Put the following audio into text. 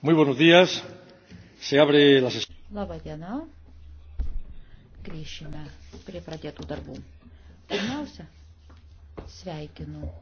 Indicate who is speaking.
Speaker 1: Muy buenos días. Se abre la sesión.
Speaker 2: Labą dieną. Grįšime prie pradėtų darbų. Pirmiausia,
Speaker 3: sveikinu